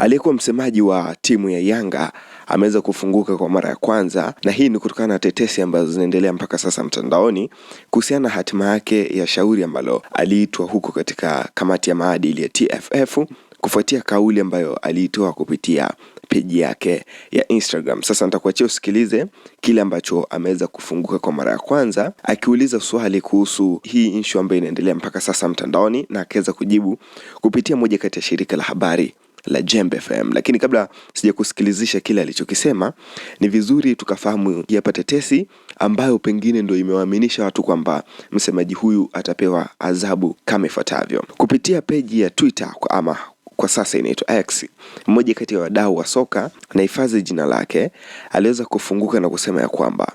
Aliyekuwa msemaji wa timu ya Yanga ameweza kufunguka kwa mara ya kwanza, na hii ni kutokana na tetesi ambazo zinaendelea mpaka sasa mtandaoni kuhusiana na hatima yake ya shauri ambalo aliitwa huko katika kamati ya maadili ya TFF kufuatia kauli ambayo aliitoa kupitia peji yake ya Instagram. Sasa nitakuachia usikilize kile ambacho ameweza kufunguka kwa mara ya kwanza, akiuliza swali kuhusu hii issue ambayo inaendelea mpaka sasa mtandaoni, na akaweza kujibu kupitia moja kati ya shirika la habari la Jembe FM. Lakini kabla sijakusikilizisha kile alichokisema, ni vizuri tukafahamu hapa tetesi ambayo pengine ndio imewaaminisha watu kwamba msemaji huyu atapewa adhabu kama ifuatavyo. Kupitia peji ya Twitter kwa ama kwa sasa inaitwa X, mmoja kati ya wadau wa soka na hifadhi jina lake, aliweza kufunguka na kusema ya kwamba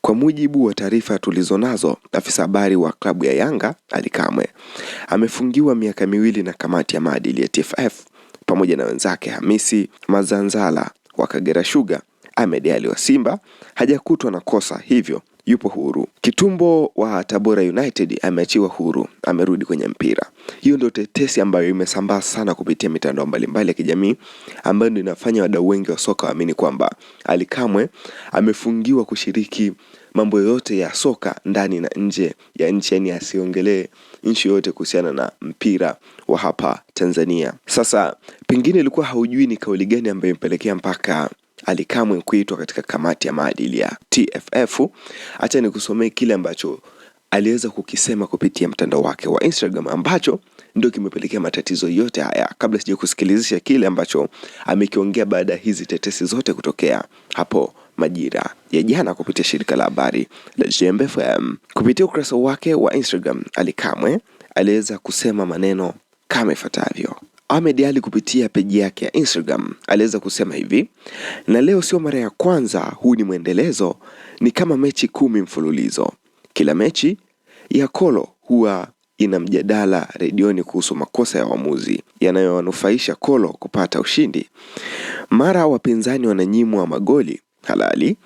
kwa mujibu wa taarifa tulizonazo, afisa habari wa klabu ya Yanga Ally Kamwe amefungiwa miaka miwili na kamati ya maadili ya TFF pamoja na wenzake Hamisi Mazanzala wa Kagera Sugar. Ahmed ali wa Simba hajakutwa na kosa, hivyo yupo huru. Kitumbo wa Tabora United ameachiwa huru, amerudi kwenye mpira. Hiyo ndio tetesi ambayo imesambaa sana kupitia mitandao mbalimbali ya kijamii, ambayo ndio inafanya wadau wengi wa soka waamini kwamba Ally Kamwe amefungiwa kushiriki mambo yote ya soka ndani na nje ya nchi, yani asiongelee nchi yoyote kuhusiana na mpira wa hapa Tanzania. Sasa pengine ilikuwa haujui ni kauli gani ambayo imepelekea mpaka Ally Kamwe kuitwa katika kamati ya maadili ya TFF. Acha nikusomee kile ambacho aliweza kukisema kupitia mtandao wake wa Instagram ambacho ndio kimepelekea matatizo yote haya. Kabla sija kusikilizisha kile ambacho amekiongea baada ya hizi tetesi zote kutokea hapo majira ya jana kupitia shirika la habari la Jembe FM. Kupitia ukurasa wake wa Instagram, Ally Kamwe aliweza kusema maneno kama ifuatavyo. Ahmed Ali kupitia peji yake ya Instagram aliweza kusema hivi, na leo sio mara ya kwanza, huu ni mwendelezo, ni kama mechi kumi mfululizo. Kila mechi ya Kolo huwa ina mjadala redioni kuhusu makosa ya waamuzi yanayowanufaisha Kolo kupata ushindi. Mara wapinzani wananyimwa magoli, halali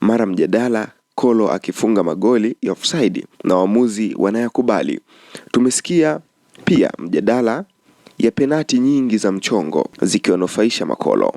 mara mjadala Kolo akifunga magoli ya ofsaidi na waamuzi wanayakubali. Tumesikia pia mjadala ya penati nyingi za mchongo zikiwanufaisha Makolo.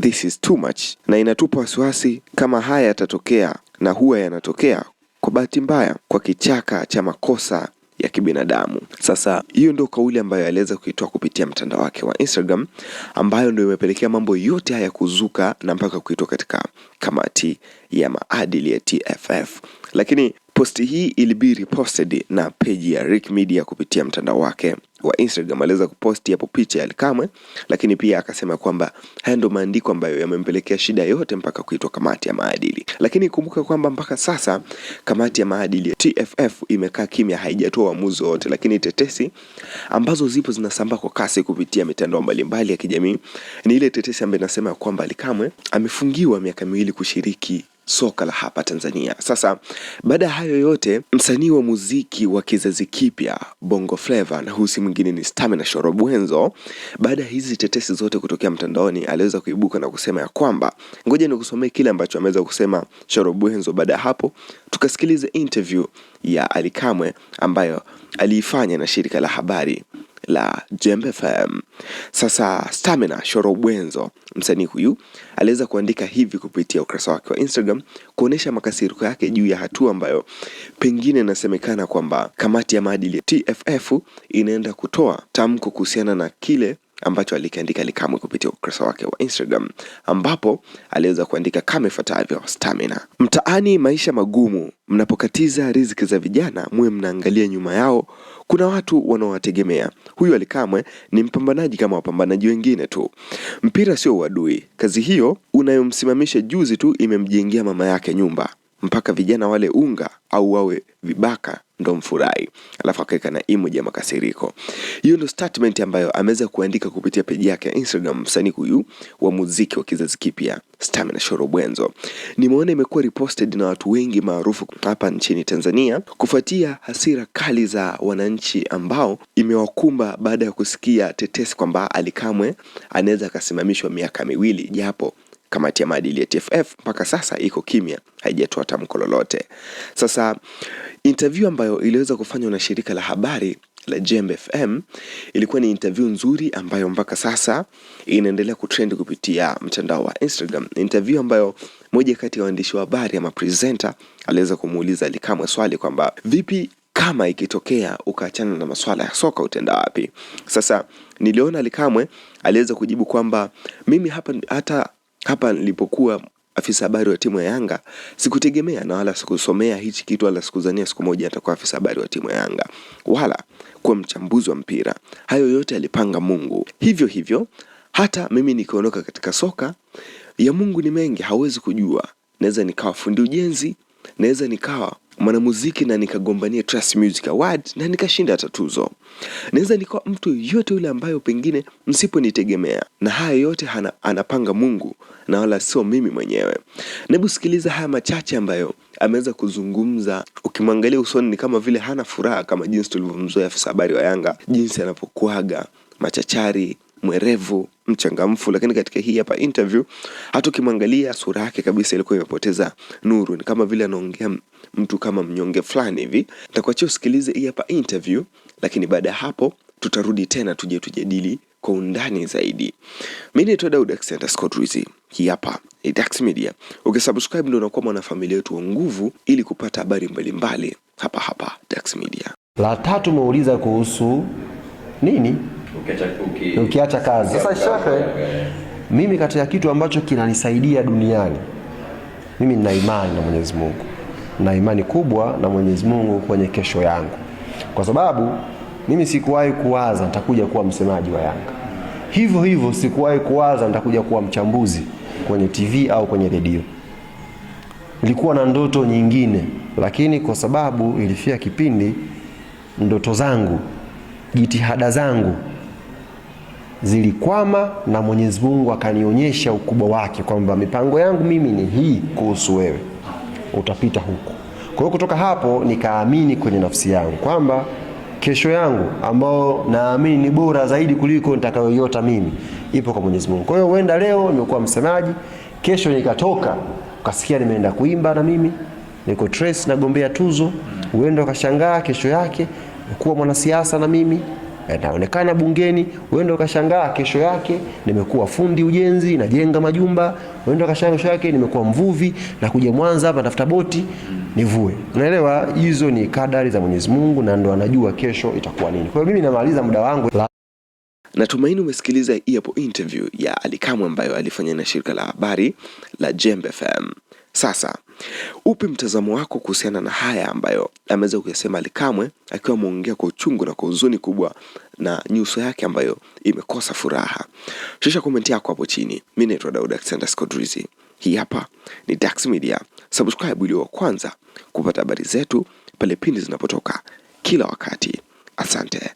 This is too much, na inatupa wasiwasi kama haya yatatokea, na huwa yanatokea kwa bahati mbaya, kwa kichaka cha makosa ya kibinadamu. Sasa hiyo ndio kauli ambayo aliweza kuitoa kupitia mtandao wake wa Instagram, ambayo ndio imepelekea mambo yote haya kuzuka na mpaka kuitwa katika kamati ya maadili ya TFF. Lakini Posti hii ilibi reposted na peji ya Rick Media kupitia mtandao wake wa Instagram. Aliweza kuposti hapo picha ya likamwe lakini pia akasema kwamba haya ndo maandiko ambayo yamempelekea shida yote mpaka kuitwa kamati ya maadili. Lakini kumbuka kwamba mpaka sasa kamati ya maadili ya TFF imekaa kimya, haijatoa uamuzi wowote, lakini tetesi ambazo zipo zinasambaa kwa kasi kupitia mitandao mbalimbali ya kijamii ni ile tetesi ambayo inasema kwamba Alikamwe amefungiwa miaka miwili kushiriki soka la hapa Tanzania. Sasa baada ya hayo yote, msanii wa muziki wa kizazi kipya Bongo Flava na huu si mwingine ni Stamina Shorobwenzo, baada ya hizi tetesi zote kutokea mtandaoni, aliweza kuibuka na kusema ya kwamba, ngoja nikusomee kile ambacho ameweza kusema shorobwenzo Baada ya hapo, tukasikiliza interview ya Alikamwe ambayo aliifanya na shirika la habari la Jembe FM. Sasa Stamina Shoro Bwenzo, msanii huyu aliweza kuandika hivi kupitia ukurasa wake wa Instagram kuonesha makasiriko yake juu ya hatua ambayo pengine inasemekana kwamba kamati ya maadili TFF inaenda kutoa tamko kuhusiana na kile ambacho alikiandika Kamwe kupitia ukurasa wake wa Instagram, ambapo aliweza kuandika kama ifuatavyo: Stamina mtaani, maisha magumu. Mnapokatiza riziki za vijana, muwe mnaangalia nyuma yao, kuna watu wanaowategemea. Huyu Alikamwe ni mpambanaji kama wapambanaji wengine tu, mpira sio uadui. Kazi hiyo unayomsimamisha juzi tu imemjengea mama yake nyumba mpaka vijana wale unga au wawe vibaka ndo mfurahi, alafu akaweka na emoji ya makasiriko. Hiyo ndo statement ambayo ameweza kuandika kupitia peji yake ya Instagram msanii huyu wa muziki wa kizazi kipya Stamina Shoro Bwenzo. Nimeona imekuwa reposted na watu wengi maarufu hapa nchini Tanzania kufuatia hasira kali za wananchi ambao imewakumba baada ya kusikia tetesi kwamba Ally Kamwe anaweza akasimamishwa miaka miwili japo Kamati ya maadili ya TFF mpaka sasa iko kimya, haijatoa tamko lolote. Sasa interview ambayo iliweza kufanywa na shirika la habari la Jembe FM ilikuwa ni interview nzuri ambayo mpaka sasa inaendelea kutrend kupitia mtandao wa Instagram. Interview ambayo moja kati ya waandishi wa habari ama presenter aliweza kumuuliza Ally swali kwamba vipi kama ikitokea ukaachana na masuala ya soka utenda wapi? Sasa niliona Ally aliweza kujibu kwamba mimi hapa hata hapa nilipokuwa afisa habari wa timu ya Yanga sikutegemea na wala sikusomea hichi kitu wala sikuzania siku moja atakuwa afisa habari wa timu ya Yanga wala kuwa mchambuzi wa mpira. Hayo yote alipanga Mungu. Hivyo hivyo hata mimi nikiondoka katika soka ya Mungu ni mengi, hawezi kujua. Naweza nikawa fundi ujenzi, naweza nikawa mwanamuziki na nikagombania Trust Music Award na nikashinda hata tuzo. Naweza nikawa mtu yoyote yule ambayo pengine msiponitegemea, na haya yote hana, anapanga Mungu na wala sio mimi mwenyewe. Nebu sikiliza haya machache ambayo ameweza kuzungumza. Ukimwangalia usoni ni kama vile hana furaha, kama jinsi tulivyomzoea afisa habari wa Yanga, jinsi anapokuaga machachari, mwerevu mchangamfu, lakini katika hii hapa interview hata ukimwangalia sura yake kabisa ilikuwa imepoteza nuru, ni kama vile anaongea mtu kama mnyonge fulani hivi. Nitakuachia usikilize hii hapa interview, lakini baada ya hapo tutarudi tena tuje tujadili kwa undani zaidi. Mimi naitwa Daud Scott hii hapa ni Dax Media. Ukisubscribe ndio unakuwa mwanafamilia wetu wa nguvu, ili kupata habari mbalimbali hapa hapa Dax Media. La tatu umeuliza kuhusu nini? ukiacha kazi. Sasa shaka, eh, mimi kati ya kitu ambacho kinanisaidia duniani, mimi nina imani na Mwenyezi Mungu, na imani kubwa na Mwenyezi Mungu kwenye kesho yangu, kwa sababu mimi sikuwahi kuwaza nitakuja kuwa msemaji wa Yanga, hivyo hivyo sikuwahi kuwaza nitakuja kuwa mchambuzi kwenye TV au kwenye redio. Nilikuwa na ndoto nyingine, lakini kwa sababu ilifika kipindi ndoto zangu, jitihada zangu zilikwama na Mwenyezi Mungu akanionyesha ukubwa wake kwamba mipango yangu mimi ni hii kuhusu wewe, utapita huku. Kwa hiyo kutoka hapo nikaamini kwenye nafsi yangu kwamba kesho yangu ambayo naamini ni bora zaidi kuliko nitakayoyota mimi ipo kwa Mwenyezi Mungu. Kwa hiyo huenda leo nimekuwa msemaji, kesho nikatoka ukasikia nimeenda kuimba na mimi niko trace nagombea tuzo, huenda ukashangaa kesho yake kuwa mwanasiasa na mimi anaonekana eh, bungeni, uenda ukashangaa kesho yake nimekuwa fundi ujenzi, najenga majumba. Uenda ukashangaa kesho yake nimekuwa mvuvi, nakuja Mwanza hapa tafuta boti nivue. Unaelewa, hizo ni kadari za Mwenyezi Mungu na ndo anajua kesho itakuwa nini. Kwa hiyo mimi namaliza muda wangu. Natumaini umesikiliza hapo interview ya Ally Kamwe ambayo alifanya na shirika la habari la Jembe FM. Sasa upi mtazamo wako kuhusiana na haya ambayo ameweza kuyasema Alikamwe akiwa ameongea kwa uchungu na kwa huzuni kubwa na nyuso yake ambayo imekosa furaha? Shusha komenti yako hapo chini. Mi naitwa Daud Alexander Scodrizi, hii hapa ni Dax Media. Subscribe ili wa kwanza kupata habari zetu pale pindi zinapotoka kila wakati. Asante.